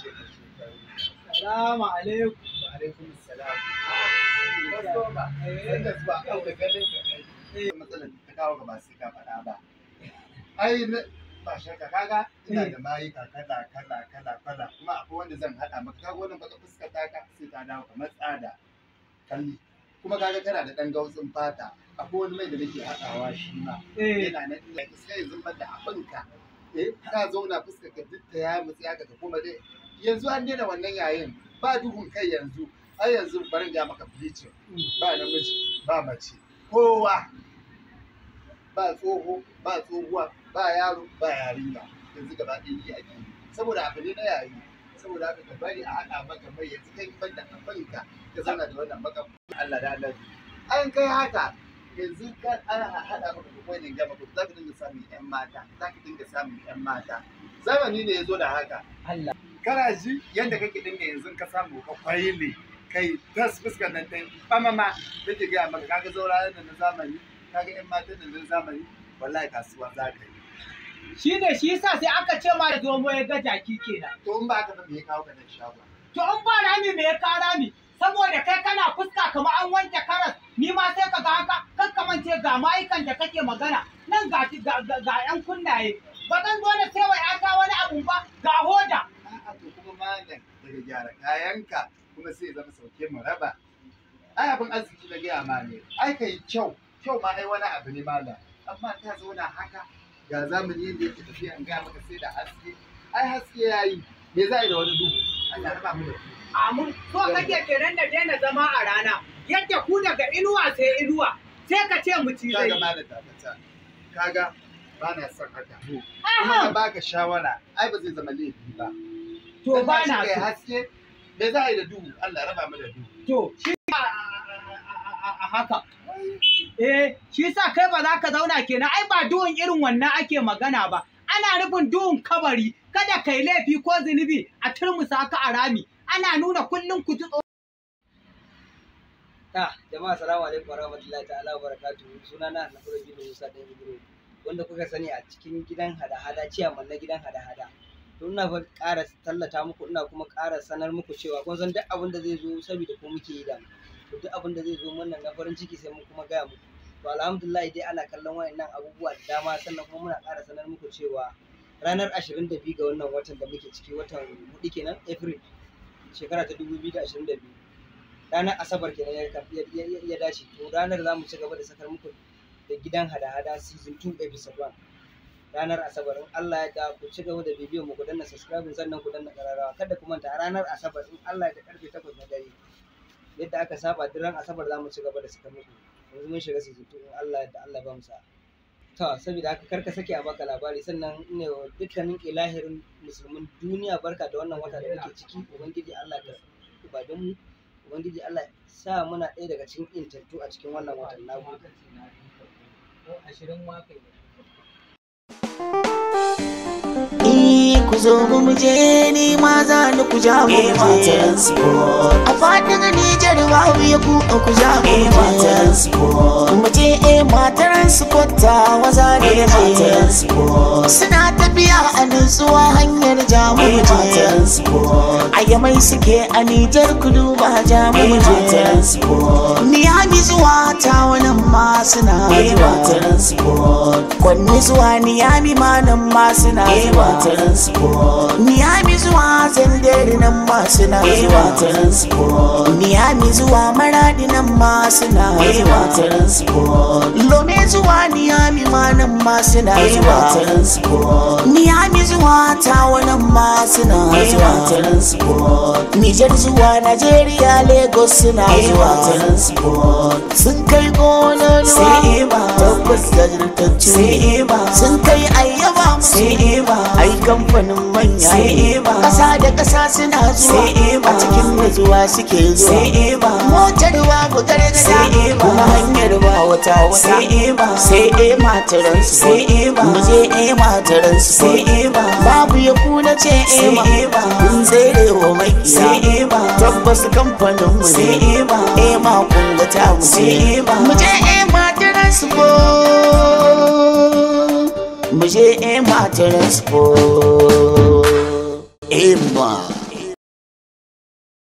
Salamu alaikum. Wa eh. ka eh. ba sai ka faɗa ba. Ai ba shakka kaga eh. kuma kaga kana da dan gautsin fata akwai wani mai da nake hadawa shi ma yana nan ina iska yanzu da abinka eh ka zauna ka ya mutsi haka ka kuma dai yanzu an daina wannan yayin ba duhun kai yanzu ai yanzu bari ga maka bleaching ba namiji ba mace kowa ba tsoho ba tsohuwa ba yaro ba yarinya yanzu gaba ɗaya yi ake saboda abu ne na yayi saboda haka ka bari a haɗa maka mai yanzu kai ban da kafanka ka zana da wannan maka Allah da Allah an kai haka yanzu kan ana haɗa maka kuma ne ga maka za ka dinga samun ƴan mata za ka dinga samun 'yan mata zamani ne ya zo da haka Allah kana ji yadda kake dinga yanzu ka samu ka ne, kai tas fuskar nan ta bamama take gaya maka kaga zaurayen da na zamani kaga yan matan da na zamani wallahi kasuwa za ka yi shi ne shi yasa sai aka ce ma da zomo ya ga jaki kenan to in ba ka ba me ya kawo ka nan shagon to in ba rami me ya kawo rami saboda kai kana fuska kamar an wanke karas ni ma sai ka ga haka kakkamance ga ma'aikan da kake magana nan ga ga yan kunnaye ba zan zo da sai wai aka ka gyara kayanka kuma sai zama sauke mu raba ai abin arziki na gaya ma ne ai kai kyau kyau ma ai wani abu ne malam amma ta zauna haka ga zamani yadda yake tafiya an gaya maka sai da haske ai haske yayi me za a yi da wani duhu Allah raba mu da Amun! so kake kenan da daina zama a rana yadda ku daga inuwa sai inuwa sai ka ce mu ci zai kaga ta ta, kaga ba na son haka ina baka shawara ai ba zai zama laifi ba to ba na so haske me za a yi da duhu Allah raba mu da duhu to shi a haka eh shi sa kai ba za ka zauna kenan ai ba duhun irin wannan ake magana ba ana nufin duhun kabari kada kai laifi ko zunubi a turmusa ka a rami ana nuna kullum ku ji ta ah, jama'a salamu alaikum warahmatullahi ta'ala barakatuhu sunana na Nasiru Musa Ibrahim, Wanda kuka sani a cikin gidan hada-hada ciyaman na gidan hada-hada to ina fa ƙara tallata muku ina kuma ƙara sanar muku cewa kun san duk abin da zai zo saboda ku muke yi da mu duk abin da zai zo mun nan na farin ciki sai mun kuma gaya muku to alhamdulillah dai ana kallon wayannan abubuwa da dama sannan kuma muna ƙara sanar muku cewa ranar 22 ga wannan watan da muke ciki watan hudu kenan april shekara ta 2022 ranar asabar kenan ya dace to ranar za mu ci gaba da sakar muku da gidan hada-hada season 2 episode 1 ranar asabar in Allah ya da ku ci gaba da bidiyo mu ku danna subscribe sannan ku danna kararrawa kada ku manta ranar asabar in Allah ya da karfe 8 na dare yadda aka saba duk ran asabar za mu ci gaba da saka muku yanzu mun shiga su in Allah da Allah ba mu sa to saboda haka karka sake a baka labari sannan ne dukkanin ilahirin musulmin duniya barka da wannan wata da muke ciki ubangiji Allah ka ibadun mu ubangiji Allah sa muna ɗaya daga cikin intattu a cikin wannan watan na gode 20 ma ku zo mu muje ni ma za ni ku ja mu je a fadin ni jarwa ya ku ku ja mu muje mu je eh matar sport ta waza ne je suna tafiya a nutsuwa hanyar ja mu je a yamai suke a Nijar kudu ba ja mu je ni ya zuwa ta wani ma suna je kwanni zuwa niyami nan masu na zuwa transport niyami zuwa zandere nan masu na zuwa transport niyami zuwa maradi nan masu na zuwa transport lome zuwa niyami nan masu na zuwa transport niyami zuwa tawa nan ma suna zuwa Nijar zuwa Najeriya Lagos suna zuwa Sun kai gonar ruwa tabbas jajirtacce Sun kai ayyaba ima ai kamfanin manya Kasa da kasa suna zuwa a cikin nutsuwa suke zuwa Motar wa bugar gada kuma hanyar ba wata wata Sai Sai Babu nema kun tsere wa makiya tabbas kamfanin mu ne ema e, kun ga ta mu ce mu je ema transpo mu je ema transpo ema